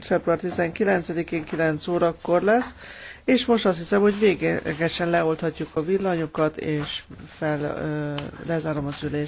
február 19-én 9 órakor lesz, és most azt hiszem, hogy végegesen leolthatjuk a villanyokat, és fel, ö, lezárom az ülést.